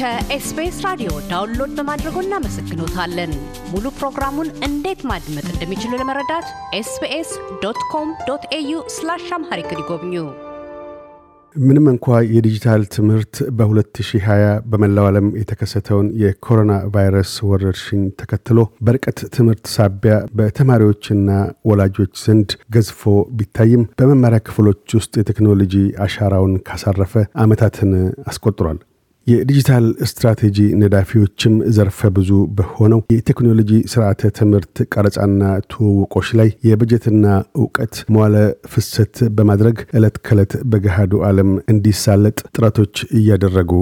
ከኤስቢኤስ ራዲዮ ዳውንሎድ በማድረጎ እናመሰግኖታለን። ሙሉ ፕሮግራሙን እንዴት ማድመጥ እንደሚችሉ ለመረዳት ኤስቢኤስ ዶት ኮም ዶት ኤዩ ስላሽ አምሃሪክ ይጎብኙ። ምንም እንኳ የዲጂታል ትምህርት በ2020 በመላው ዓለም የተከሰተውን የኮሮና ቫይረስ ወረርሽኝ ተከትሎ በርቀት ትምህርት ሳቢያ በተማሪዎችና ወላጆች ዘንድ ገዝፎ ቢታይም በመማሪያ ክፍሎች ውስጥ የቴክኖሎጂ አሻራውን ካሳረፈ ዓመታትን አስቆጥሯል። የዲጂታል ስትራቴጂ ነዳፊዎችም ዘርፈ ብዙ በሆነው የቴክኖሎጂ ስርዓተ ትምህርት ቀረጻና ትውውቆች ላይ የበጀትና እውቀት መዋለ ፍሰት በማድረግ ዕለት ከዕለት በገሃዱ ዓለም እንዲሳለጥ ጥረቶች እያደረጉ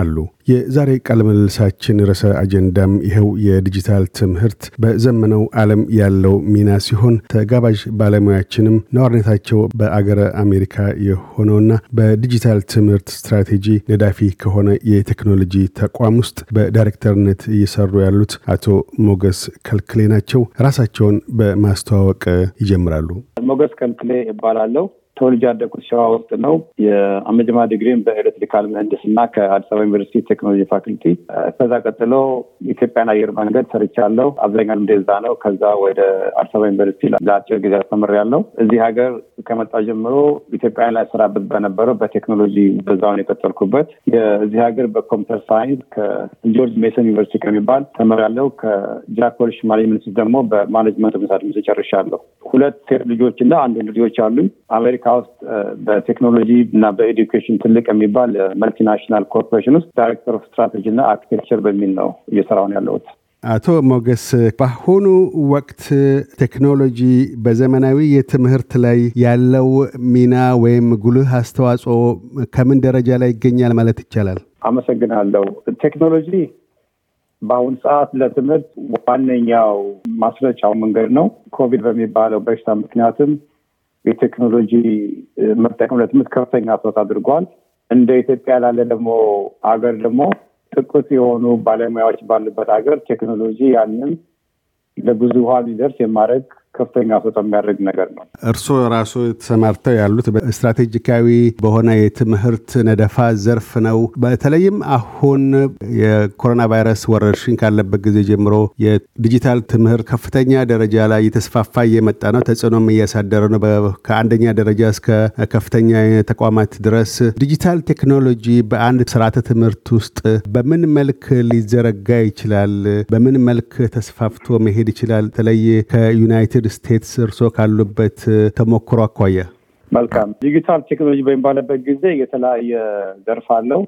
አሉ። የዛሬ ቃለ ምልልሳችን ርዕሰ አጀንዳም ይኸው የዲጂታል ትምህርት በዘመነው ዓለም ያለው ሚና ሲሆን ተጋባዥ ባለሙያችንም ነዋሪነታቸው በአገረ አሜሪካ የሆነውና በዲጂታል ትምህርት ስትራቴጂ ነዳፊ ከሆነ የቴክኖሎጂ ተቋም ውስጥ በዳይሬክተርነት እየሰሩ ያሉት አቶ ሞገስ ከልክሌ ናቸው። ራሳቸውን በማስተዋወቅ ይጀምራሉ። ሞገስ ከልክሌ ይባላለው። ተወልጄ ያደኩት ሸዋ ውስጥ ነው። የመጀመሪያ ዲግሪም በኤሌክትሪካል ምህንድስና ከአዲስ አበባ ዩኒቨርሲቲ ቴክኖሎጂ ፋክልቲ፣ ከዛ ቀጥሎ ኢትዮጵያን አየር መንገድ ሰርቻለሁ። አብዛኛው እንደዛ ነው። ከዛ ወደ አዲስ አበባ ዩኒቨርሲቲ ለአጭር ጊዜ አስተምሬያለሁ። እዚህ ሀገር ከመጣ ጀምሮ ኢትዮጵያን ላይ ስራበት በነበረው በቴክኖሎጂ በዛውን የቀጠልኩበት እዚህ ሀገር በኮምፒተር ሳይንስ ከጆርጅ ሜሰን ዩኒቨርሲቲ ከሚባል ተምሬያለሁ። ከጃኮልሽ ማኔጅመንት ደግሞ በማኔጅመንት ምሳድ መሳድ ጨርሻለሁ። ሁለት ሴት ልጆች እና አንድ ልጆች አሉኝ። አሜሪካ ውስጥ በቴክኖሎጂ እና በኤዱኬሽን ትልቅ የሚባል መልቲናሽናል ኮርፖሬሽን ውስጥ ዳይሬክተር ኦፍ ስትራቴጂ እና አርኪቴክቸር በሚል ነው እየሰራውን ያለሁት። አቶ ሞገስ በአሁኑ ወቅት ቴክኖሎጂ በዘመናዊ የትምህርት ላይ ያለው ሚና ወይም ጉልህ አስተዋጽኦ ከምን ደረጃ ላይ ይገኛል ማለት ይቻላል? አመሰግናለሁ። ቴክኖሎጂ በአሁን ሰዓት ለትምህርት ዋነኛው ማስረጫው መንገድ ነው። ኮቪድ በሚባለው በሽታ ምክንያትም የቴክኖሎጂ መጠቀም ለትምህርት ከፍተኛ ትኩረት አድርጓል። እንደ ኢትዮጵያ ላለ ደግሞ አገር ደግሞ ጥቂት የሆኑ ባለሙያዎች ባሉበት ሀገር ቴክኖሎጂ ያንን ለብዙሀን ሊደርስ የማድረግ ከፍተኛ ሰጠ የሚያደርግ ነገር ነው። እርስዎ ራሱ ተሰማርተው ያሉት ስትራቴጂካዊ በሆነ የትምህርት ነደፋ ዘርፍ ነው። በተለይም አሁን የኮሮና ቫይረስ ወረርሽኝ ካለበት ጊዜ ጀምሮ የዲጂታል ትምህርት ከፍተኛ ደረጃ ላይ እየተስፋፋ እየመጣ ነው፣ ተጽዕኖም እያሳደረ ነው። ከአንደኛ ደረጃ እስከ ከፍተኛ ተቋማት ድረስ ዲጂታል ቴክኖሎጂ በአንድ ስርዓተ ትምህርት ውስጥ በምን መልክ ሊዘረጋ ይችላል? በምን መልክ ተስፋፍቶ መሄድ ይችላል? በተለይ ከዩናይትድ ዩናይትድ ስቴትስ እርስዎ ካሉበት ተሞክሮ አኳያ? መልካም ዲጂታል ቴክኖሎጂ በሚባለበት ጊዜ የተለያየ ዘርፍ አለው።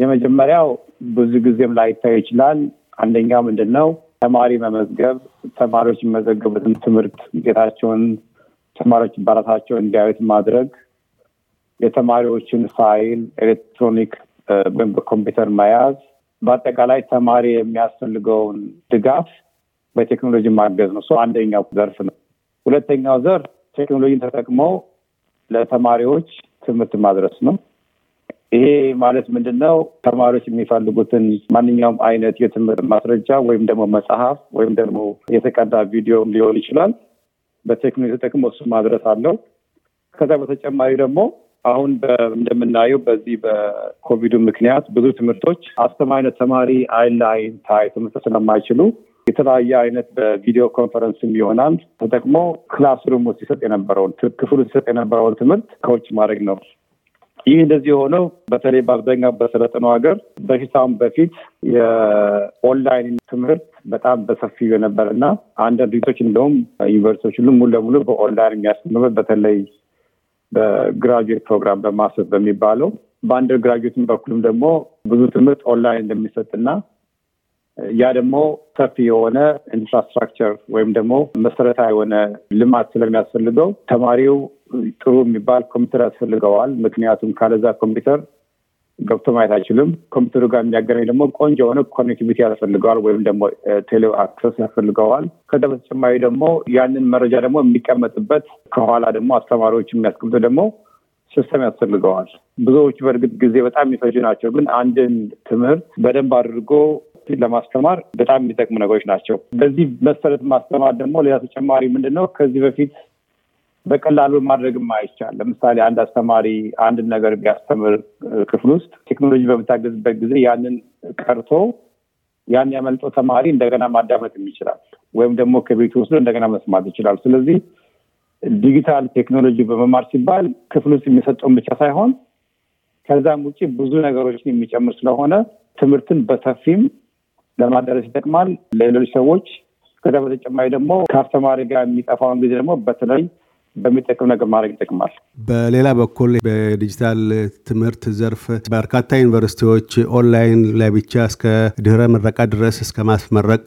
የመጀመሪያው ብዙ ጊዜም ላይታይ ይችላል። አንደኛ ምንድን ነው ተማሪ መመዝገብ፣ ተማሪዎች የሚመዘገቡትን ትምህርት ውጤታቸውን ተማሪዎች በራሳቸው እንዲያዩት ማድረግ፣ የተማሪዎችን ፋይል ኤሌክትሮኒክ ወይም በኮምፒውተር መያዝ፣ በአጠቃላይ ተማሪ የሚያስፈልገውን ድጋፍ በቴክኖሎጂ ማገዝ ነው። አንደኛው ዘርፍ ነው። ሁለተኛው ዘርፍ ቴክኖሎጂን ተጠቅመው ለተማሪዎች ትምህርት ማድረስ ነው። ይሄ ማለት ምንድን ነው? ተማሪዎች የሚፈልጉትን ማንኛውም አይነት የትምህርት ማስረጃ ወይም ደግሞ መጽሐፍ ወይም ደግሞ የተቀዳ ቪዲዮ ሊሆን ይችላል። በቴክኖሎጂ ተጠቅሞ እሱ ማድረስ አለው። ከዛ በተጨማሪ ደግሞ አሁን እንደምናየው በዚህ በኮቪዱ ምክንያት ብዙ ትምህርቶች አስተማሪ ተማሪ አይን ለአይን ታይ ትምህርት ስለማይችሉ የተለያየ አይነት በቪዲዮ ኮንፈረንስም ይሆናል ተጠቅሞ ክላስሩም ውስጥ ይሰጥ የነበረውን ክፍሉ ሲሰጥ የነበረውን ትምህርት ከውጭ ማድረግ ነው። ይህ እንደዚህ የሆነው በተለይ በአብዛኛው በሰለጠነው ሀገር በፊታም በፊት የኦንላይን ትምህርት በጣም በሰፊው የነበር እና አንዳንድ ቤቶች እንደውም ዩኒቨርሲቲዎች ሁሉ ሙሉ ለሙሉ በኦንላይን የሚያስተምሩበት በተለይ በግራጁዌት ፕሮግራም በማሰብ በሚባለው በአንደር ግራጁዌትን በኩልም ደግሞ ብዙ ትምህርት ኦንላይን እንደሚሰጥና ያ ደግሞ ሰፊ የሆነ ኢንፍራስትራክቸር ወይም ደግሞ መሰረታዊ የሆነ ልማት ስለሚያስፈልገው ተማሪው ጥሩ የሚባል ኮምፒውተር ያስፈልገዋል። ምክንያቱም ካለዛ ኮምፒውተር ገብቶ ማየት አይችልም። ኮምፒውተሩ ጋር የሚያገናኝ ደግሞ ቆንጆ የሆነ ኮኔክቲቪቲ ያስፈልገዋል፣ ወይም ደግሞ ቴሌ አክሰስ ያስፈልገዋል። ከዚ በተጨማሪ ደግሞ ያንን መረጃ ደግሞ የሚቀመጥበት ከኋላ ደግሞ አስተማሪዎች የሚያስቀምጡ ደግሞ ሲስተም ያስፈልገዋል። ብዙዎቹ በእርግጥ ጊዜ በጣም የሚፈጅ ናቸው። ግን አንድን ትምህርት በደንብ አድርጎ ለማስተማር በጣም የሚጠቅሙ ነገሮች ናቸው። በዚህ መሰረት ማስተማር ደግሞ ሌላ ተጨማሪ ምንድን ነው ከዚህ በፊት በቀላሉ ማድረግም አይቻል። ለምሳሌ አንድ አስተማሪ አንድን ነገር ቢያስተምር ክፍል ውስጥ ቴክኖሎጂ በምታገዝበት ጊዜ ያንን ቀርቶ ያን ያመልጠው ተማሪ እንደገና ማዳመጥም ይችላል፣ ወይም ደግሞ ከቤቱ ወስዶ እንደገና መስማት ይችላል። ስለዚህ ዲጂታል ቴክኖሎጂ በመማር ሲባል ክፍል ውስጥ የሚሰጠውን ብቻ ሳይሆን ከዛም ውጭ ብዙ ነገሮችን የሚጨምር ስለሆነ ትምህርትን በሰፊም ለማዳረስ ይጠቅማል ለሌሎች ሰዎች። ከዛ በተጨማሪ ደግሞ ከአስተማሪ ጋር የሚጠፋውን ጊዜ ደግሞ በተለይ በሚጠቅም ነገር ማድረግ ይጠቅማል። በሌላ በኩል በዲጂታል ትምህርት ዘርፍ በርካታ ዩኒቨርሲቲዎች ኦንላይን ላይ ብቻ እስከ ድህረ ምረቃ ድረስ እስከ ማስመረቅ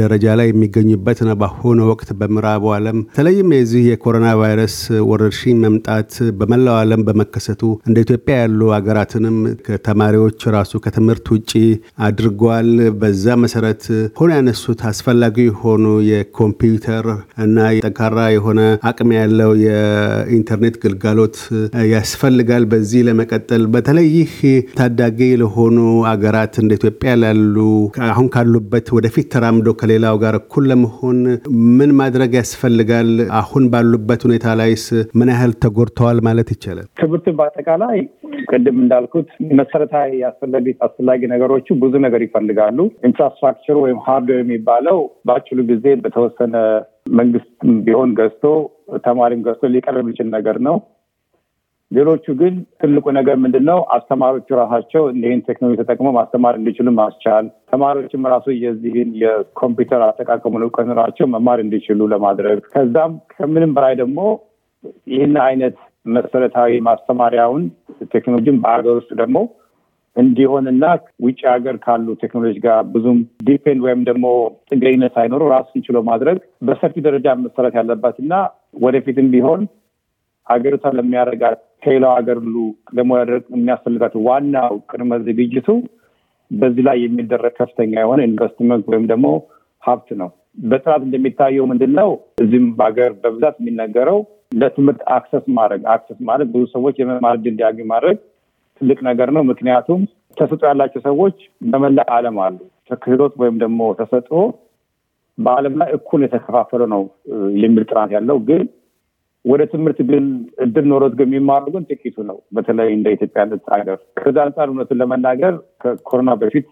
ደረጃ ላይ የሚገኙበት ነው። በአሁኑ ወቅት በምዕራቡ ዓለም በተለይም የዚህ የኮሮና ቫይረስ ወረርሽኝ መምጣት በመላው ዓለም በመከሰቱ እንደ ኢትዮጵያ ያሉ ሀገራትንም ከተማሪዎች ራሱ ከትምህርት ውጭ አድርጓል። በዛ መሰረት ሆኖ ያነሱት አስፈላጊ የሆኑ የኮምፒውተር እና ጠንካራ የሆነ አቅም ያለ ያለው የኢንተርኔት ግልጋሎት ያስፈልጋል። በዚህ ለመቀጠል በተለይ ይህ ታዳጊ ለሆኑ አገራት እንደ ኢትዮጵያ ላሉ አሁን ካሉበት ወደፊት ተራምዶ ከሌላው ጋር እኩል ለመሆን ምን ማድረግ ያስፈልጋል? አሁን ባሉበት ሁኔታ ላይስ ምን ያህል ተጎድተዋል ማለት ይቻላል? ትምህርት በአጠቃላይ ቅድም እንዳልኩት መሰረታዊ አስፈላጊ አስፈላጊ ነገሮቹ ብዙ ነገር ይፈልጋሉ። ኢንፍራስትራክቸር ወይም ሀርድ የሚባለው በአጭሩ ጊዜ በተወሰነ መንግስት ቢሆን ገዝቶ ተማሪም ገዝቶ ሊቀርብ የሚችል ነገር ነው። ሌሎቹ ግን ትልቁ ነገር ምንድን ነው? አስተማሪዎቹ ራሳቸው ይህን ቴክኖሎጂ ተጠቅመው ማስተማር እንዲችሉ ማስቻል፣ ተማሪዎችም ራሱ የዚህን የኮምፒውተር አጠቃቀሙ እውቀት መማር እንዲችሉ ለማድረግ ከዛም ከምንም በላይ ደግሞ ይህን አይነት መሰረታዊ ማስተማሪያውን ቴክኖሎጂን በሀገር ውስጥ ደግሞ እንዲሆንና ውጭ ሀገር ካሉ ቴክኖሎጂ ጋር ብዙም ዲፔንድ ወይም ደግሞ ጥገኝነት ሳይኖሩ ራሱ ችሎ ማድረግ በሰፊ ደረጃ መሰረት ያለባት እና ወደፊትም ቢሆን ሀገሪቷ ለሚያደርጋት ከሌላው ሀገር ሁሉ ደግሞ ያደርግ የሚያስፈልጋት ዋናው ቅድመ ዝግጅቱ በዚህ ላይ የሚደረግ ከፍተኛ የሆነ ኢንቨስትመንት ወይም ደግሞ ሀብት ነው። በጥናት እንደሚታየው ምንድን ነው እዚህም በሀገር በብዛት የሚነገረው ለትምህርት አክሰስ ማድረግ አክሰስ ማለት ብዙ ሰዎች የመማር ዕድል እንዲያገኙ ማድረግ ትልቅ ነገር ነው። ምክንያቱም ተሰጥኦ ያላቸው ሰዎች በመላ ዓለም አሉ። ክህሎት ወይም ደግሞ ተሰጥኦ በዓለም ላይ እኩል የተከፋፈለ ነው የሚል ጥናት ያለው ግን ወደ ትምህርት ግን እድል ኖሮት ግን የሚማሩ ግን ጥቂቱ ነው። በተለይ እንደ ኢትዮጵያ ያለት ሀገር ከዛ አንጻር እውነቱን ለመናገር ከኮሮና በፊት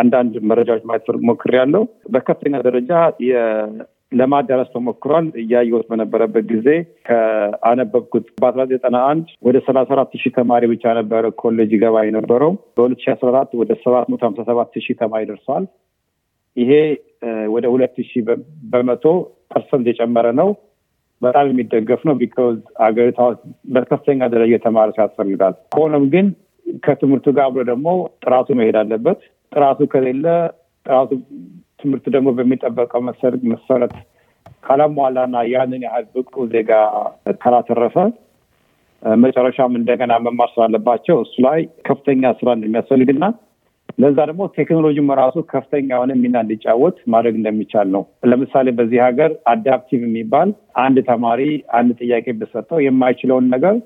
አንዳንድ መረጃዎች ማየት ሞክር ያለው በከፍተኛ ደረጃ ለማዳረስ ተሞክሯል። እያየወት በነበረበት ጊዜ ከአነበብኩት በአስራ ዘጠና አንድ ወደ ሰላሳ አራት ሺህ ተማሪ ብቻ ነበረ ኮሌጅ ገባ የነበረው በሁለት ሺ አስራ አራት ወደ ሰባት መቶ ሀምሳ ሰባት ሺህ ተማሪ ደርሰዋል። ይሄ ወደ ሁለት ሺህ በመቶ ፐርሰንት የጨመረ ነው። በጣም የሚደገፍ ነው። ቢካዝ አገሪቷ በከፍተኛ ደረጃ የተማረ ያስፈልጋል። ከሆነም ግን ከትምህርቱ ጋር አብሮ ደግሞ ጥራቱ መሄድ አለበት። ጥራቱ ከሌለ ጥራቱ ትምህርቱ ደግሞ በሚጠበቀው መሰረት ካላሟላና ያንን ያህል ብቁ ዜጋ ካላተረፈ መጨረሻም እንደገና መማር ስላለባቸው እሱ ላይ ከፍተኛ ስራ እንደሚያስፈልግና ለዛ ደግሞ ቴክኖሎጂም ራሱ ከፍተኛ የሆነ ሚና እንዲጫወት ማድረግ እንደሚቻል ነው። ለምሳሌ በዚህ ሀገር አዳፕቲቭ የሚባል አንድ ተማሪ አንድ ጥያቄ ብሰጠው የማይችለውን ነገር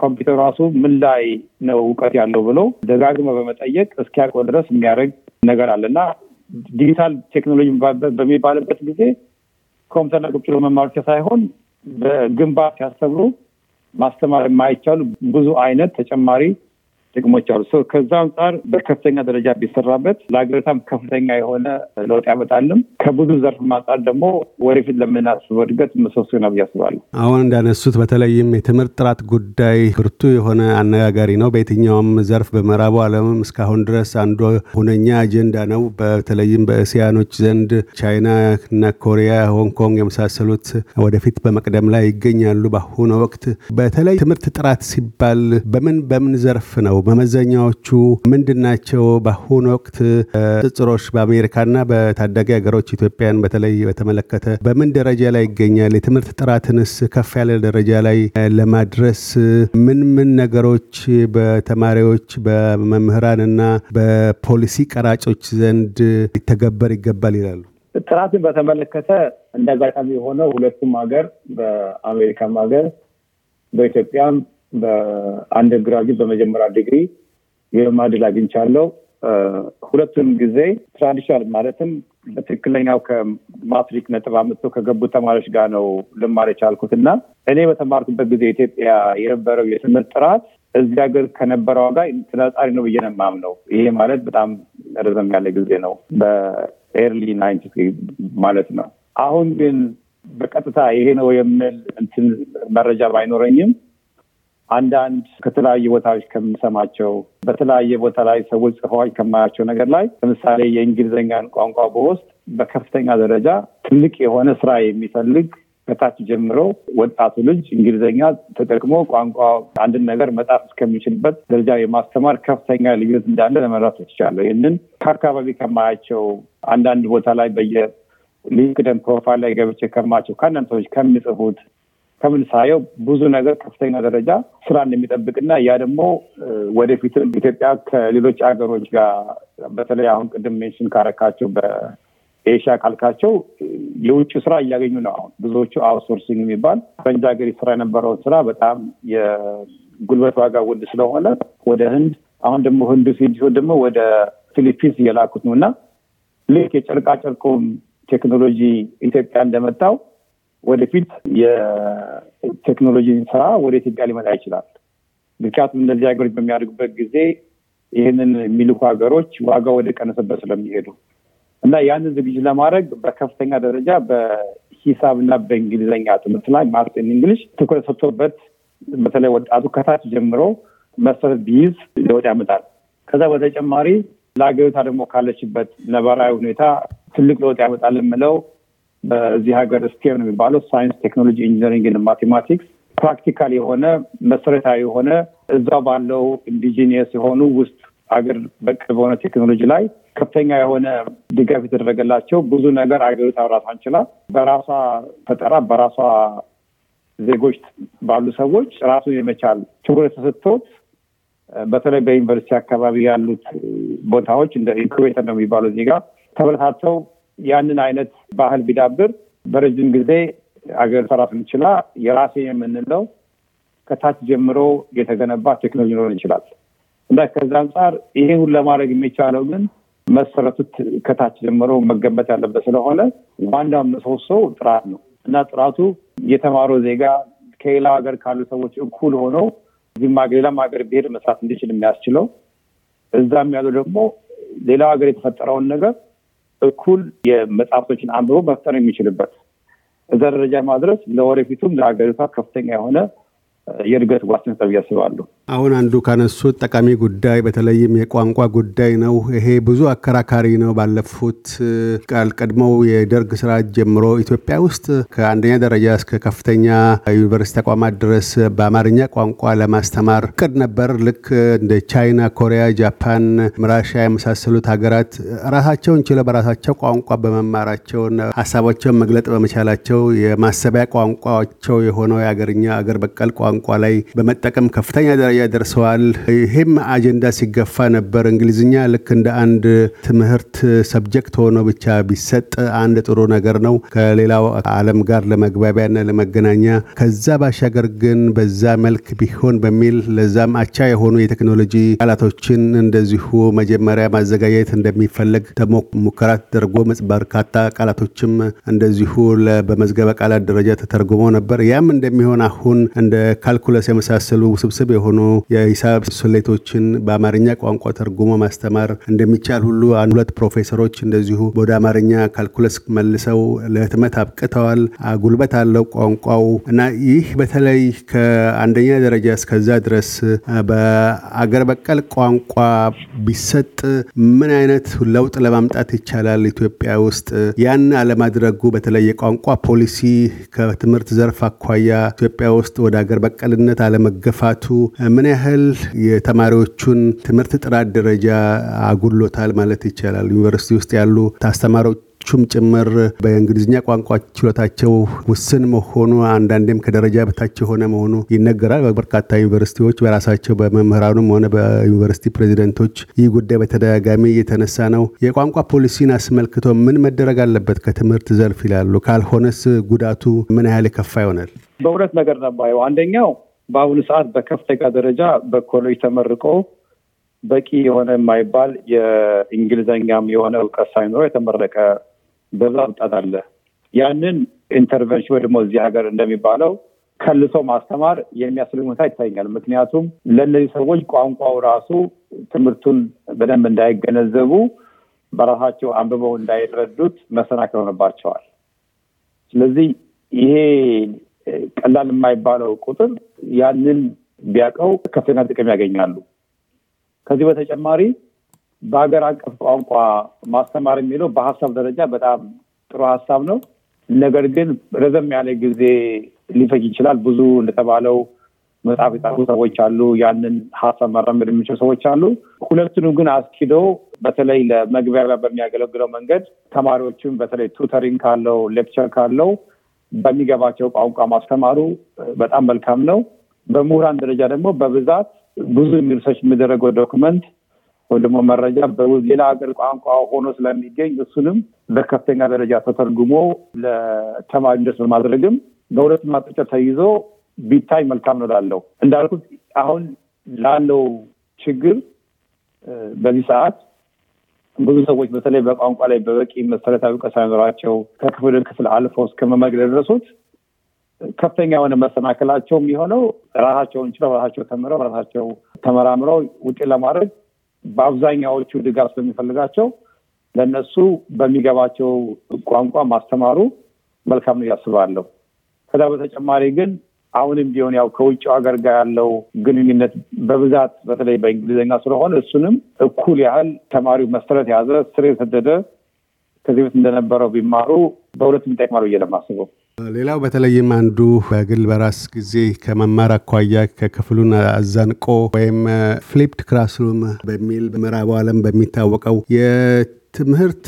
ኮምፒውተር ራሱ ምን ላይ ነው እውቀት ያለው ብሎ ደጋግመ በመጠየቅ እስኪያውቀው ድረስ የሚያደርግ ነገር አለ እና ዲጂታል ቴክኖሎጂ በሚባልበት ጊዜ ኮምፒውተርና ቁጭ ብሎ መማር ብቻ ሳይሆን በግንባር ሲያስተምሩ ማስተማር የማይቻሉ ብዙ አይነት ተጨማሪ ጥቅሞች አሉ። ከዛ አንጻር በከፍተኛ ደረጃ ቢሰራበት ለአገሪቷም ከፍተኛ የሆነ ለውጥ ያመጣልም። ከብዙ ዘርፍ ማንጻር ደግሞ ወደፊት ለምናስበው እድገት ምሰሶ ነው ብዬ አስባለሁ። አሁን እንዳነሱት በተለይም የትምህርት ጥራት ጉዳይ ብርቱ የሆነ አነጋጋሪ ነው። በየትኛውም ዘርፍ በምዕራቡ ዓለምም እስካሁን ድረስ አንዱ ሁነኛ አጀንዳ ነው። በተለይም በእስያኖች ዘንድ ቻይና እና ኮሪያ፣ ሆንግ ኮንግ የመሳሰሉት ወደፊት በመቅደም ላይ ይገኛሉ። በአሁኑ ወቅት በተለይ ትምህርት ጥራት ሲባል በምን በምን ዘርፍ ነው መመዘኛዎቹ ምንድን ናቸው? በአሁኑ ወቅት ንጽጽሮች በአሜሪካና በታዳጊ ሀገሮች ኢትዮጵያን በተለይ በተመለከተ በምን ደረጃ ላይ ይገኛል? የትምህርት ጥራትንስ ከፍ ያለ ደረጃ ላይ ለማድረስ ምን ምን ነገሮች በተማሪዎች በመምህራንና በፖሊሲ ቀራጮች ዘንድ ሊተገበር ይገባል ይላሉ? ጥራትን በተመለከተ እንደ አጋጣሚ የሆነው ሁለቱም ሀገር በአሜሪካም ሀገር በኢትዮጵያም በአንደር ግራጁዌት በመጀመሪያ ዲግሪ የማድል አግኝቻለሁ። ሁለቱንም ጊዜ ትራዲሽናል ማለትም በትክክለኛው ከማትሪክ ነጥብ አምጥቶ ከገቡ ተማሪዎች ጋር ነው ልማር የቻልኩት እና እኔ በተማርኩበት ጊዜ ኢትዮጵያ የነበረው የትምህርት ጥራት እዚህ ሀገር ከነበረው ጋር ተነጻሪ ነው ብዬ ነው የማምነው። ይሄ ማለት በጣም ረዘም ያለ ጊዜ ነው፣ በኤርሊ ናይንቲ ማለት ነው። አሁን ግን በቀጥታ ይሄ ነው የምል እንትን መረጃ ባይኖረኝም አንዳንድ ከተለያዩ ቦታዎች ከምንሰማቸው በተለያየ ቦታ ላይ ሰዎች ጽፈዋች ከማያቸው ነገር ላይ ለምሳሌ የእንግሊዝኛን ቋንቋ በውስጥ በከፍተኛ ደረጃ ትልቅ የሆነ ስራ የሚፈልግ ከታች ጀምሮ ወጣቱ ልጅ እንግሊዝኛ ተጠቅሞ ቋንቋ አንድን ነገር መጻፍ እስከሚችልበት ደረጃ የማስተማር ከፍተኛ ልዩነት እንዳለ ለመረዳት ይቻላል። ይህንን ከአካባቢ ከማያቸው አንዳንድ ቦታ ላይ በየ ሊንክደን ፕሮፋይል ላይ ገብቼ ከማቸው ከአንዳንድ ሰዎች ከሚጽፉት ከምንሳየው ብዙ ነገር ከፍተኛ ደረጃ ስራ እንደሚጠብቅና ያ ደግሞ ወደፊትም ኢትዮጵያ ከሌሎች ሀገሮች ጋር በተለይ አሁን ቅድም ሜንሽን ካረካቸው በኤሽያ ካልካቸው የውጭ ስራ እያገኙ ነው። አሁን ብዙዎቹ አውትሶርሲንግ የሚባል ፈረንጅ ሀገር ስራ የነበረውን ስራ በጣም የጉልበት ዋጋ ውድ ስለሆነ ወደ ህንድ አሁን ደግሞ ህንዱ ሲሆን ደግሞ ወደ ፊሊፒንስ እየላኩት ነው እና ልክ የጨርቃጨርቁም ቴክኖሎጂ ኢትዮጵያ እንደመጣው ወደፊት የቴክኖሎጂን ስራ ወደ ኢትዮጵያ ሊመጣ ይችላል። ምክንያቱም እነዚህ ሀገሮች በሚያደርጉበት ጊዜ ይህንን የሚልኩ ሀገሮች ዋጋ ወደ ቀነሰበት ስለሚሄዱ እና ያንን ዝግጅት ለማድረግ በከፍተኛ ደረጃ በሂሳብና በእንግሊዝኛ ትምህርት ላይ ማርቲን እንግሊሽ ትኩረት ሰጥቶበት በተለይ ወጣቱ ከታች ጀምሮ መሰረት ቢይዝ ለውጥ ያመጣል። ከዛ በተጨማሪ ለሀገሪቷ ደግሞ ካለችበት ነባራዊ ሁኔታ ትልቅ ለውጥ ያመጣል የምለው በዚህ ሀገር ስቴም ነው የሚባለው ሳይንስ፣ ቴክኖሎጂ፣ ኢንጂነሪንግ እና ማቴማቲክስ ፕራክቲካል የሆነ መሰረታዊ የሆነ እዛው ባለው ኢንዲጂኒየስ የሆኑ ውስጥ አገር በቅል በሆነ ቴክኖሎጂ ላይ ከፍተኛ የሆነ ድጋፍ የተደረገላቸው ብዙ ነገር አገሪቷ ራሷ አንችላ በራሷ ፈጠራ በራሷ ዜጎች ባሉ ሰዎች ራሱን የመቻል ትኩረት ተሰጥቶት በተለይ በዩኒቨርሲቲ አካባቢ ያሉት ቦታዎች እንደ ኢንኩቤተር ነው የሚባለው ዜጋ ተበረታተው ያንን አይነት ባህል ቢዳብር በረጅም ጊዜ አገር ሰራት እንችላ የራሴ የምንለው ከታች ጀምሮ የተገነባ ቴክኖሎጂ ሊኖር ይችላል እና ከዚ አንጻር ይሄ ሁን ለማድረግ የሚቻለው ግን መሰረቱት ከታች ጀምሮ መገንበት ያለበት ስለሆነ ዋናው ምሰሶ ጥራት ነው እና ጥራቱ የተማረው ዜጋ ከሌላ ሀገር ካሉ ሰዎች እኩል ሆነው ሌላም ሀገር ብሄድ መስራት እንዲችል የሚያስችለው እዛም ያሉ ደግሞ ሌላው ሀገር የተፈጠረውን ነገር እኩል የመጽሐፍቶችን አንብቦ መፍጠር የሚችልበት እዛ ደረጃ ማድረስ ለወደፊቱም ለሀገሪቷ ከፍተኛ የሆነ የእድገት ዋስትና ብዬ አሁን አንዱ ካነሱት ጠቃሚ ጉዳይ በተለይም የቋንቋ ጉዳይ ነው። ይሄ ብዙ አከራካሪ ነው። ባለፉት ቃል ቀድሞው የደርግ ስርዓት ጀምሮ ኢትዮጵያ ውስጥ ከአንደኛ ደረጃ እስከ ከፍተኛ ዩኒቨርሲቲ ተቋማት ድረስ በአማርኛ ቋንቋ ለማስተማር እቅድ ነበር። ልክ እንደ ቻይና፣ ኮሪያ፣ ጃፓን፣ ምራሻ የመሳሰሉት ሀገራት ራሳቸውን ችለው በራሳቸው ቋንቋ በመማራቸውና ሀሳባቸውን መግለጥ በመቻላቸው የማሰቢያ ቋንቋቸው የሆነው የአገርኛ አገር በቀል ቋንቋ ላይ በመጠቀም ከፍተኛ ደረጃ ደርሰዋል ይሄም አጀንዳ ሲገፋ ነበር። እንግሊዝኛ ልክ እንደ አንድ ትምህርት ሰብጀክት ሆኖ ብቻ ቢሰጥ አንድ ጥሩ ነገር ነው ከሌላው ዓለም ጋር ለመግባቢያና ለመገናኛ። ከዛ ባሻገር ግን በዛ መልክ ቢሆን በሚል ለዛም አቻ የሆኑ የቴክኖሎጂ ቃላቶችን እንደዚሁ መጀመሪያ ማዘጋጀት እንደሚፈለግ ሙከራ ተደርጎ በርካታ ቃላቶችም እንደዚሁ በመዝገበ ቃላት ደረጃ ተተርጉሞ ነበር። ያም እንደሚሆን አሁን እንደ ካልኩለስ የመሳሰሉ ውስብስብ የሆኑ የሂሳብ ስሌቶችን በአማርኛ ቋንቋ ተርጉሞ ማስተማር እንደሚቻል ሁሉ አንድ ሁለት ፕሮፌሰሮች እንደዚሁ ወደ አማርኛ ካልኩለስ መልሰው ለህትመት አብቅተዋል። ጉልበት አለው ቋንቋው እና ይህ በተለይ ከአንደኛ ደረጃ እስከዛ ድረስ በአገር በቀል ቋንቋ ቢሰጥ ምን አይነት ለውጥ ለማምጣት ይቻላል? ኢትዮጵያ ውስጥ ያን አለማድረጉ በተለይ የቋንቋ ፖሊሲ ከትምህርት ዘርፍ አኳያ ኢትዮጵያ ውስጥ ወደ አገር በቀልነት አለመገፋቱ ምን ያህል የተማሪዎቹን ትምህርት ጥራት ደረጃ አጉሎታል ማለት ይቻላል? ዩኒቨርሲቲ ውስጥ ያሉ ታስተማሪዎች ጭምር በእንግሊዝኛ ቋንቋ ችሎታቸው ውስን መሆኑ አንዳንዴም ከደረጃ በታች የሆነ መሆኑ ይነገራል። በበርካታ ዩኒቨርሲቲዎች በራሳቸው በመምህራኑም ሆነ በዩኒቨርሲቲ ፕሬዚደንቶች ይህ ጉዳይ በተደጋጋሚ እየተነሳ ነው። የቋንቋ ፖሊሲን አስመልክቶ ምን መደረግ አለበት ከትምህርት ዘርፍ ይላሉ? ካልሆነስ ጉዳቱ ምን ያህል የከፋ ይሆናል? በሁለት ነገር ነው አንደኛው በአሁኑ ሰዓት በከፍተኛ ደረጃ በኮሌጅ ተመርቆ በቂ የሆነ የማይባል የእንግሊዝኛም የሆነ እውቀት ሳይኖረው የተመረቀ በዛ ወጣት አለ። ያንን ኢንተርቨንሽን ወይ ደግሞ እዚህ ሀገር እንደሚባለው ከልሶ ማስተማር የሚያስፈልግ ሁኔታ ይታኛል። ምክንያቱም ለእነዚህ ሰዎች ቋንቋው ራሱ ትምህርቱን በደንብ እንዳይገነዘቡ በራሳቸው አንብበው እንዳይረዱት መሰናክል ሆነባቸዋል። ስለዚህ ይሄ ቀላል የማይባለው ቁጥር ያንን ቢያውቀው ከፍተኛ ጥቅም ያገኛሉ። ከዚህ በተጨማሪ በሀገር አቀፍ ቋንቋ ማስተማር የሚለው በሀሳብ ደረጃ በጣም ጥሩ ሀሳብ ነው። ነገር ግን ረዘም ያለ ጊዜ ሊፈጅ ይችላል። ብዙ እንደተባለው መጽሐፍ የጻፉ ሰዎች አሉ። ያንን ሀሳብ መራመድ የሚችሉ ሰዎች አሉ። ሁለቱን ግን አስኪዶ በተለይ ለመግቢያ በሚያገለግለው መንገድ ተማሪዎችም በተለይ ቱተሪንግ ካለው ሌክቸር ካለው በሚገባቸው ቋንቋ ማስተማሩ በጣም መልካም ነው። በምሁራን ደረጃ ደግሞ በብዛት ብዙ ሪሰርች የሚደረገው ዶክመንት ወይ ደግሞ መረጃ በሌላ ሀገር ቋንቋ ሆኖ ስለሚገኝ እሱንም በከፍተኛ ደረጃ ተተርጉሞ ለተማሪ ደስ በማድረግም በሁለት ማጠጫ ተይዞ ቢታይ መልካም ነው ላለው እንዳልኩት አሁን ላለው ችግር በዚህ ሰዓት ብዙ ሰዎች በተለይ በቋንቋ ላይ በበቂ መሰረታዊ እውቀት ሳይኖራቸው ከክፍል ክፍል አልፎ እስከ መመግ ደረሱት ከፍተኛ የሆነ መሰናክላቸው የሚሆነው ራሳቸውን ችለው ራሳቸው ተምረው ራሳቸው ተመራምረው ውጤት ለማድረግ በአብዛኛዎቹ ድጋፍ ስለሚፈልጋቸው ለእነሱ በሚገባቸው ቋንቋ ማስተማሩ መልካም ነው እያስባለሁ ከዛ በተጨማሪ ግን አሁንም ቢሆን ያው ከውጭ ሀገር ጋር ያለው ግንኙነት በብዛት በተለይ በእንግሊዝኛ ስለሆነ እሱንም እኩል ያህል ተማሪው መሰረት የያዘ ስር የሰደደ ከዚህ በፊት እንደነበረው ቢማሩ በሁለቱም ይጠቅማል ብዬ ለማስበው ሌላው በተለይም አንዱ በግል በራስ ጊዜ ከመማር አኳያ ከክፍሉን አዘንቆ ወይም ፍሊፕድ ክላስሩም በሚል ምዕራቡ ዓለም በሚታወቀው ትምህርት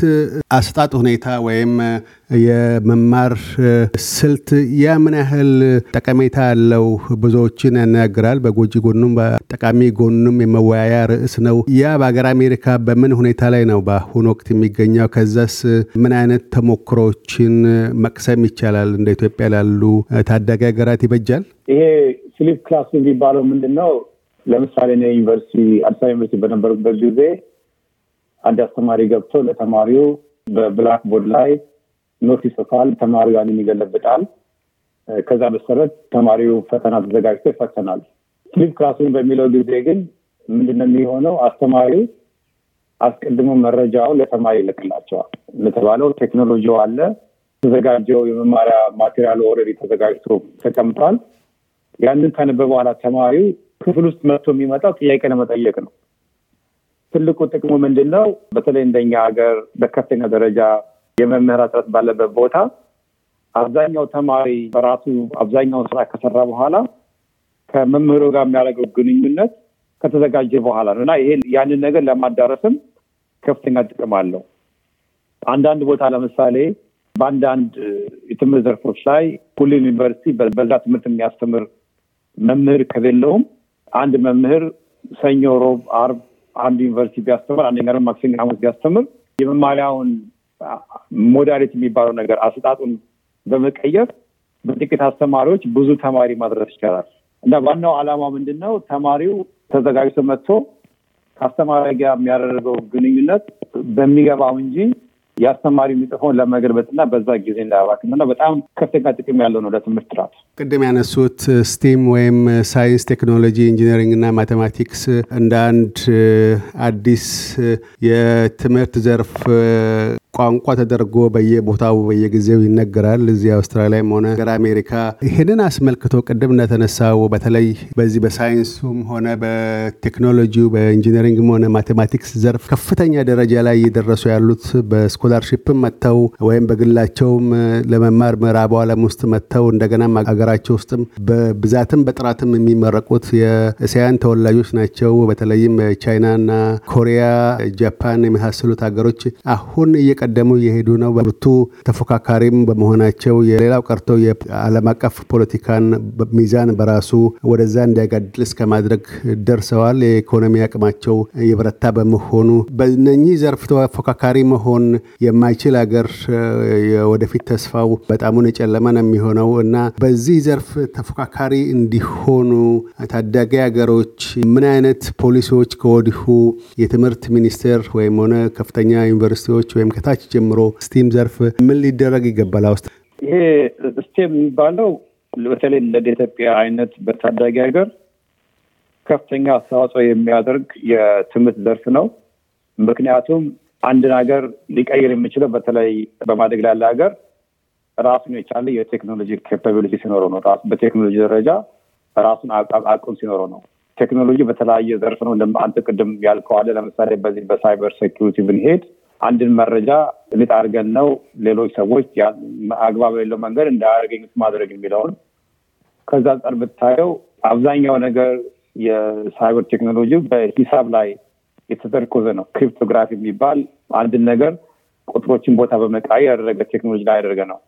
አሰጣጥ ሁኔታ ወይም የመማር ስልት ያ ምን ያህል ጠቀሜታ ያለው ብዙዎችን ያነጋግራል። በጎጂ ጎኑም በጠቃሚ ጎኑም የመወያያ ርዕስ ነው። ያ በሀገር አሜሪካ በምን ሁኔታ ላይ ነው በአሁኑ ወቅት የሚገኘው? ከዛስ ምን አይነት ተሞክሮችን መቅሰም ይቻላል? እንደ ኢትዮጵያ ላሉ ታዳጊ ሀገራት ይበጃል? ይሄ ስሊፕ ክላስ የሚባለው ምንድን ነው? ለምሳሌ ዩኒቨርሲቲ አዲስ አበባ ዩኒቨርሲቲ በነበሩበት ጊዜ አንድ አስተማሪ ገብቶ ለተማሪው በብላክ ላይ ኖት ይጽፋል። ተማሪው ያንን ይገለብጣል። ከዛ መሰረት ተማሪው ፈተና ተዘጋጅቶ ይፈተናል። ፍሊፕ ክላስሩም በሚለው ጊዜ ግን ምንድነው የሚሆነው? አስተማሪው አስቀድሞ መረጃውን ለተማሪ ይልክላቸዋል። ለተባለው ቴክኖሎጂው አለ ተዘጋጀው የመማሪያ ማቴሪያል ኦልሬዲ ተዘጋጅቶ ተቀምጧል። ያንን ከነበበ በኋላ ተማሪው ክፍል ውስጥ መጥቶ የሚመጣው ጥያቄ ለመጠየቅ ነው። ትልቁ ጥቅሙ ምንድን ነው? በተለይ እንደኛ ሀገር በከፍተኛ ደረጃ የመምህር እጥረት ባለበት ቦታ አብዛኛው ተማሪ በራሱ አብዛኛውን ስራ ከሰራ በኋላ ከመምህሩ ጋር የሚያደርገው ግንኙነት ከተዘጋጀ በኋላ ነው እና ይሄ ያንን ነገር ለማዳረስም ከፍተኛ ጥቅም አለው። አንዳንድ ቦታ ለምሳሌ በአንዳንድ የትምህርት ዘርፎች ላይ ሁሉም ዩኒቨርሲቲ በዛ ትምህርት የሚያስተምር መምህር ከሌለውም አንድ መምህር ሰኞ፣ ሮብ፣ አርብ አንድ ዩኒቨርሲቲ ቢያስተምር አንደኛ ደግሞ ማክሰኞ ሐሙስ ቢያስተምር የመማሪያውን ሞዳሊቲ የሚባለው ነገር አሰጣጡን በመቀየር በጥቂት አስተማሪዎች ብዙ ተማሪ ማድረስ ይቻላል እና ዋናው ዓላማ ምንድን ነው? ተማሪው ተዘጋጅቶ መጥቶ ከአስተማሪ ጋር የሚያደርገው ግንኙነት በሚገባው እንጂ የአስተማሪ የሚጽፈውን ለመገልበጥና በዛ ጊዜ እንዳያባክንና በጣም ከፍተኛ ጥቅም ያለው ነው ለትምህርት ጥራት። ቅድም ያነሱት ስቲም ወይም ሳይንስ፣ ቴክኖሎጂ፣ ኢንጂነሪንግ እና ማቴማቲክስ እንደ አንድ አዲስ የትምህርት ዘርፍ ቋንቋ ተደርጎ በየቦታው በየጊዜው ይነገራል። እዚህ አውስትራሊያም ሆነ ገር አሜሪካ ይህንን አስመልክቶ ቅድም እንደተነሳው በተለይ በዚህ በሳይንሱም ሆነ በቴክኖሎጂው በኢንጂነሪንግም ሆነ ማቴማቲክስ ዘርፍ ከፍተኛ ደረጃ ላይ እየደረሱ ያሉት በስኮላርሺፕም መጥተው ወይም በግላቸውም ለመማር ምዕራቡ ዓለም ውስጥ መጥተው እንደገና ሀገራቸው ውስጥም በብዛትም በጥራትም የሚመረቁት የእስያን ተወላጆች ናቸው። በተለይም ቻይናና ኮሪያ፣ ጃፓን የመሳሰሉት ሀገሮች አሁን እየቀ ቀደሙ የሄዱ ነው። በብርቱ ተፎካካሪም በመሆናቸው የሌላው ቀርቶ የዓለም አቀፍ ፖለቲካን ሚዛን በራሱ ወደዛ እንዲያጋድል እስከ ማድረግ ደርሰዋል። የኢኮኖሚ አቅማቸው የበረታ በመሆኑ በነኚህ ዘርፍ ተፎካካሪ መሆን የማይችል ሀገር ወደፊት ተስፋው በጣሙን የጨለመ ነው የሚሆነው እና በዚህ ዘርፍ ተፎካካሪ እንዲሆኑ ታዳጊ ሀገሮች ምን አይነት ፖሊሲዎች ከወዲሁ የትምህርት ሚኒስቴር ወይም ሆነ ከፍተኛ ዩኒቨርሲቲዎች ወይም ከታች ከታች ጀምሮ ስቲም ዘርፍ ምን ሊደረግ ይገባል? ውስጥ ይሄ ስቲም የሚባለው በተለይ እንደ ኢትዮጵያ አይነት በታዳጊ ሀገር ከፍተኛ አስተዋጽኦ የሚያደርግ የትምህርት ዘርፍ ነው። ምክንያቱም አንድን ሀገር ሊቀይር የሚችለው በተለይ በማደግ ላለ ሀገር ራሱን የቻለ የቴክኖሎጂ ኬፓቢሊቲ ሲኖረው ነው። በቴክኖሎጂ ደረጃ ራሱን አቅም ሲኖረው ነው። ቴክኖሎጂ በተለያየ ዘርፍ ነው። አንተ ቅድም ያልከዋለ ለምሳሌ በዚህ በሳይበር ሴኪሪቲ ብንሄድ አንድን መረጃ ልጥ አድርገን ነው ሌሎች ሰዎች አግባብ የለው መንገድ እንዳያገኙት ማድረግ የሚለውን ከዛ አንጻር ብታየው አብዛኛው ነገር የሳይበር ቴክኖሎጂ በሂሳብ ላይ የተተረኮዘ ነው። ክሪፕቶግራፊ የሚባል አንድን ነገር ቁጥሮችን ቦታ በመቃየር ያደረገ ቴክኖሎጂ ላይ ያደረገ ነው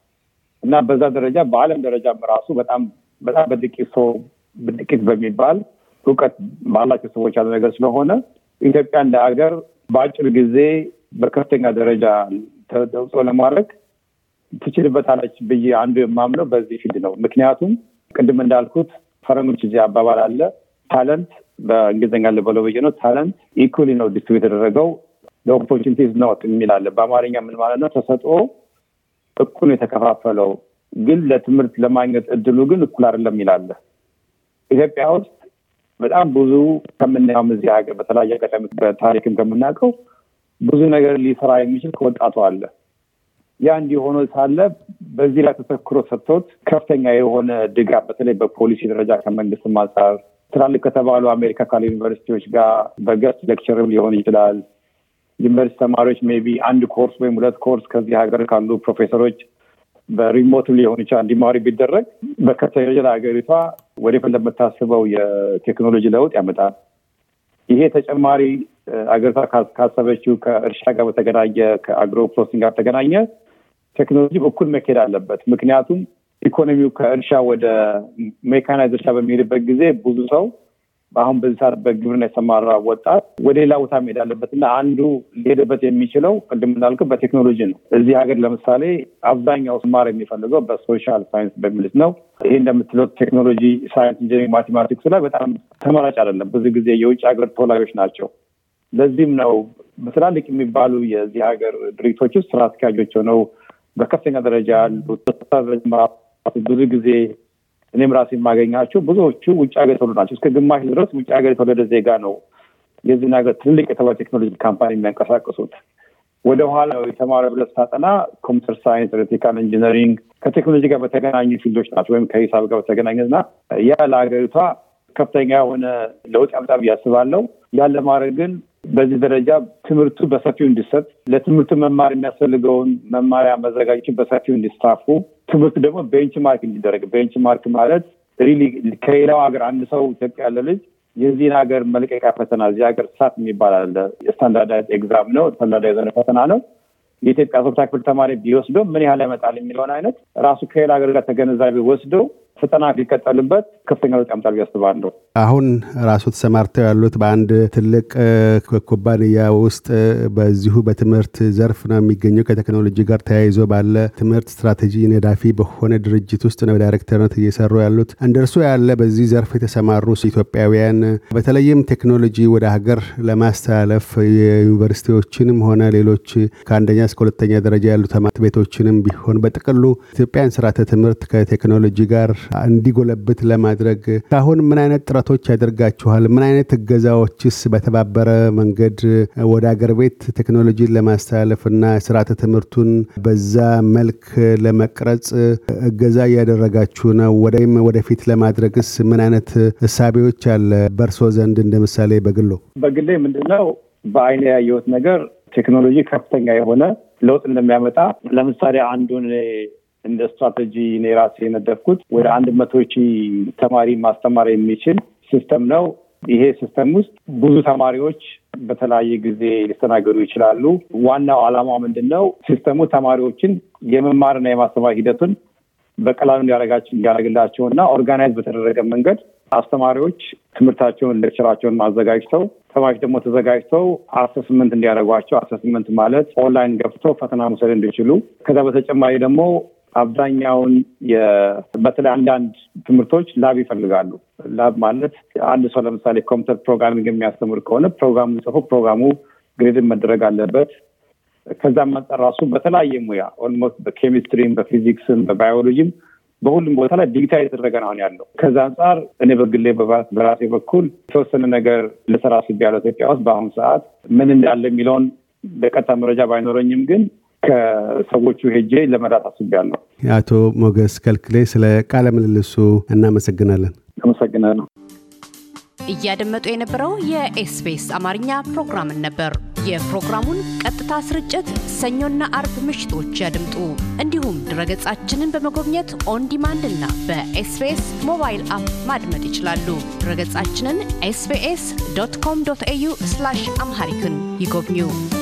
እና በዛ ደረጃ በዓለም ደረጃ ራሱ በጣም በጣም በጥቂት ሰው በጥቂት በሚባል እውቀት ባላቸው ሰዎች ያለ ነገር ስለሆነ ኢትዮጵያ እንደ ሀገር በአጭር ጊዜ በከፍተኛ ደረጃ ተጠውጾ ለማድረግ ትችልበታለች ብዬ አንዱ የማምነው በዚህ ፊልድ ነው። ምክንያቱም ቅድም እንዳልኩት ፈረንጆች እዚህ አባባል አለ ታለንት በእንግሊዝኛ ልበለው ብዬ ነው። ታለንት ኢኩሊ ነው ዲስትሪብ የተደረገው ለኦፖርቹኒቲዝ ኖት የሚል አለ። በአማርኛ ምን ማለት ነው? ተሰጥኦ እኩል የተከፋፈለው ግን ለትምህርት ለማግኘት እድሉ ግን እኩል አይደለም ይላለ። ኢትዮጵያ ውስጥ በጣም ብዙ ከምናየውም እዚህ ሀገር በተለያየ ቀደም በታሪክም ከምናውቀው ብዙ ነገር ሊሰራ የሚችል ከወጣቱ አለ። ያ እንዲሆነ ሳለ በዚህ ላይ ተተክሮ ሰጥቶት ከፍተኛ የሆነ ድጋፍ በተለይ በፖሊሲ ደረጃ ከመንግስትም አንጻር ትላልቅ ከተባሉ አሜሪካ ካሉ ዩኒቨርሲቲዎች ጋር በገስት ሌክቸርም ሊሆን ይችላል። ዩኒቨርሲቲ ተማሪዎች ሜይ ቢ አንድ ኮርስ ወይም ሁለት ኮርስ ከዚህ ሀገር ካሉ ፕሮፌሰሮች በሪሞት ሊሆን ይችላል እንዲማሪ ቢደረግ በከተጀ ለሀገሪቷ ሀገሪቷ ወደፊት ለምታስበው የቴክኖሎጂ ለውጥ ያመጣል። ይሄ ተጨማሪ አገሪቷ ካሰበችው ከእርሻ ጋር በተገናኘ ከአግሮ ፕሮሲንግ ጋር በተገናኘ ቴክኖሎጂ እኩል መካሄድ አለበት። ምክንያቱም ኢኮኖሚው ከእርሻ ወደ ሜካናይዝ እርሻ በሚሄድበት ጊዜ ብዙ ሰው በአሁን በዚህ ሰዓት በግብርና የተሰማራ ወጣት ወደ ሌላ ቦታ መሄድ አለበት እና አንዱ ሊሄድበት የሚችለው ቅድም እንዳልክ በቴክኖሎጂ ነው። እዚህ ሀገር ለምሳሌ አብዛኛው ስማር የሚፈልገው በሶሻል ሳይንስ በሚልት ነው። ይሄ እንደምትለው ቴክኖሎጂ፣ ሳይንስ፣ ኢንጂኒሪንግ፣ ማቴማቲክስ ላይ በጣም ተመራጭ አይደለም። ብዙ ጊዜ የውጭ ሀገር ተወላጆች ናቸው ለዚህም ነው በትላልቅ የሚባሉ የዚህ ሀገር ድርጅቶች ውስጥ ስራ አስኪያጆች ሆነው በከፍተኛ ደረጃ ያሉት ብዙ ጊዜ እኔም ራሴ የማገኛቸው ብዙዎቹ ውጭ ሀገር የተወለዱ ናቸው። እስከ ግማሽ ድረስ ውጭ ሀገር የተወለደ ዜጋ ነው የዚህን ሀገር ትልልቅ የተባለ ቴክኖሎጂ ካምፓኒ የሚያንቀሳቅሱት። ወደኋላ የተማረ ብለህ ስታጠና ኮምፒውተር ሳይንስ፣ ኤሌክትሪካል ኢንጂነሪንግ ከቴክኖሎጂ ጋር በተገናኙ ፊልዶች ናቸው ወይም ከሂሳብ ጋር በተገናኘ እና ያ ለሀገሪቷ ከፍተኛ የሆነ ለውጥ ያመጣ ብዬ አስባለሁ። ያን ግን በዚህ ደረጃ ትምህርቱ በሰፊው እንዲሰጥ፣ ለትምህርቱ መማር የሚያስፈልገውን መማሪያ መዘጋጀቱ በሰፊው እንዲስታፉ፣ ትምህርቱ ደግሞ ቤንች ማርክ እንዲደረግ። ቤንችማርክ ማርክ ማለት ሪሊ ከሌላው ሀገር አንድ ሰው ኢትዮጵያ ያለ ልጅ የዚህን ሀገር መልቀቂያ ፈተና እዚህ ሀገር ሳት የሚባል አለ። ኤግዛም ነው፣ ስታንዳርዳይዝ ፈተና ነው። የኢትዮጵያ ሶስታ ክፍል ተማሪ ቢወስደው ምን ያህል ያመጣል የሚለውን አይነት ራሱ ከሌላ ሀገር ጋር ተገነዛቢ ወስደው ፈተና ሊቀጠልበት ከፍተኛ ለውጥ ያመጣል ብዬ አሁን ራሱ ተሰማርተው ያሉት በአንድ ትልቅ ኩባንያ ውስጥ በዚሁ በትምህርት ዘርፍ ነው የሚገኘው። ከቴክኖሎጂ ጋር ተያይዞ ባለ ትምህርት ስትራቴጂ ነዳፊ በሆነ ድርጅት ውስጥ ነው በዳይሬክተርነት እየሰሩ ያሉት። እንደ እርሱ ያለ በዚህ ዘርፍ የተሰማሩ ኢትዮጵያውያን በተለይም ቴክኖሎጂ ወደ ሀገር ለማስተላለፍ የዩኒቨርሲቲዎችንም ሆነ ሌሎች ከአንደኛ እስከ ሁለተኛ ደረጃ ያሉ ትምህርት ቤቶችንም ቢሆን በጥቅሉ ኢትዮጵያን ስርዓተ ትምህርት ከቴክኖሎጂ ጋር እንዲጎለብት ለማ ለማድረግ አሁን ምን አይነት ጥረቶች ያደርጋችኋል? ምን አይነት እገዛዎችስ በተባበረ መንገድ ወደ አገር ቤት ቴክኖሎጂን ለማስተላለፍ እና ስርዓተ ትምህርቱን በዛ መልክ ለመቅረጽ እገዛ እያደረጋችሁ ነው? ወይም ወደፊት ለማድረግስ ምን አይነት እሳቤዎች አለ በእርሶ ዘንድ? እንደ ምሳሌ በግሎ በግሌ ምንድነው በአይኔ ያየሁት ነገር ቴክኖሎጂ ከፍተኛ የሆነ ለውጥ እንደሚያመጣ ለምሳሌ አንዱን እንደ ስትራቴጂ እኔ ራሴ የነደፍኩት ወደ አንድ መቶ ተማሪ ማስተማር የሚችል ሲስተም ነው። ይሄ ሲስተም ውስጥ ብዙ ተማሪዎች በተለያየ ጊዜ ሊስተናገዱ ይችላሉ። ዋናው ዓላማ ምንድን ነው? ሲስተሙ ተማሪዎችን የመማርና የማስተማር ሂደቱን በቀላሉ እንዲያደርግላቸው እና ኦርጋናይዝ በተደረገ መንገድ አስተማሪዎች ትምህርታቸውን ሌክቸራቸውን አዘጋጅተው ተማሪዎች ደግሞ ተዘጋጅተው አሰስመንት እንዲያደርጓቸው አሰስመንት ማለት ኦንላይን ገብተው ፈተና መውሰድ እንዲችሉ ከዛ በተጨማሪ ደግሞ አብዛኛውን በተለይ አንዳንድ ትምህርቶች ላብ ይፈልጋሉ። ላብ ማለት አንድ ሰው ለምሳሌ ኮምፒውተር ፕሮግራሚንግ የሚያስተምር ከሆነ ፕሮግራሙ ጽፎ ፕሮግራሙ ግሬድን መደረግ አለበት። ከዛም አንጻር ራሱ በተለያየ ሙያ ኦልሞስት በኬሚስትሪም፣ በፊዚክስም፣ በባዮሎጂም በሁሉም ቦታ ላይ ዲጂታል የተደረገ አሁን ያለው ከዛ አንጻር እኔ በግሌ በራሴ በኩል የተወሰነ ነገር ልሰራ አስቤያለሁ ኢትዮጵያ ውስጥ በአሁኑ ሰዓት ምን እንዳለ የሚለውን በቀጥታ መረጃ ባይኖረኝም ግን ከሰዎቹ ሄጄ ለመዳት አስቤያለሁ። አቶ ሞገስ ከልክሌ ስለ ቃለ ምልልሱ እናመሰግናለን። አመሰግናለሁ። እያደመጡ የነበረው የኤስቢኤስ አማርኛ ፕሮግራምን ነበር። የፕሮግራሙን ቀጥታ ስርጭት ሰኞና አርብ ምሽቶች ያድምጡ። እንዲሁም ድረገጻችንን በመጎብኘት ኦን ዲማንድ እና በኤስቢኤስ ሞባይል አፕ ማድመጥ ይችላሉ። ድረገጻችንን ኤስቢኤስ ዶት ኮም ዶት ኤዩ አምሃሪክን ይጎብኙ።